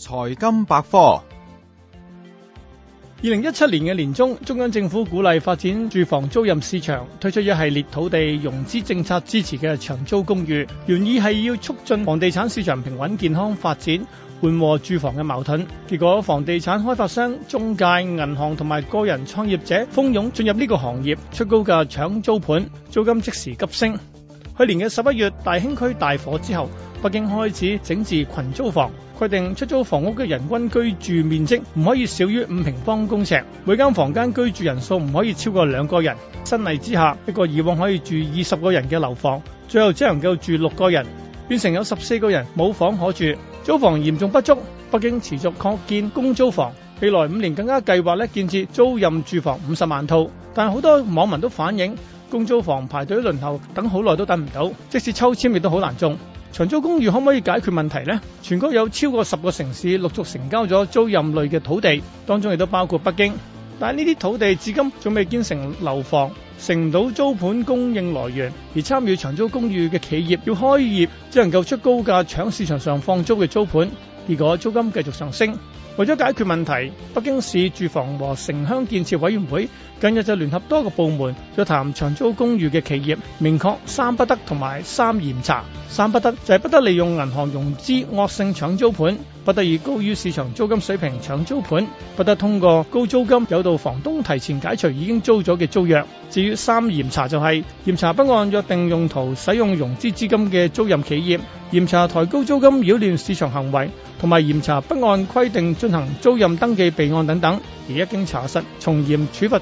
財金百科。二零一七年嘅年中，中央政府鼓勵發展住房租賃市場，推出一系列土地融資政策支持嘅長租公寓，原意係要促進房地產市場平穩健康發展，緩和住房嘅矛盾。結果，房地產開發商、中介、銀行同埋個人創業者蜂擁進入呢個行業，出高價搶租盤，租金即時急升。去年嘅十一月，大興區大火之後。北京開始整治群租房，規定出租房屋嘅人均居住面積唔可以少於五平方公尺，每間房間居住人數唔可以超過兩個人。新例之下，一個以往可以住二十個人嘅樓房，最後只能夠住六個人，變成有十四個人冇房可住，租房嚴重不足。北京持續擴建公租房，未來五年更加計劃咧建設租賃住房五十萬套，但好多網民都反映公租房排隊輪候等好耐都等唔到，即使抽籤亦都好難中。長租公寓可唔可以解決問題呢？全國有超過十個城市陸續成交咗租賃類嘅土地，當中亦都包括北京。但係呢啲土地至今仲未建成樓房，成唔到租盤供應來源，而參與長租公寓嘅企業要開業，只能夠出高價搶市場上放租嘅租盤，結果租金繼續上升。為咗解決問題，北京市住房和城鄉建設委員會近日就聯合多個部門，約談長租公寓嘅企業，明確三不得同埋三嚴查。三不得就係不得利用銀行融資惡性搶租盤，不得以高於市場租金水平搶租盤，不得通過高租金誘導房東提前解除已經租咗嘅租約。至於三嚴查就係嚴查不按約定用途使用融資資金嘅租賃企業。嚴查抬高租金擾亂市場行為，同埋嚴查不按規定進行租賃登記備案等等，而一經查實從嚴處罰。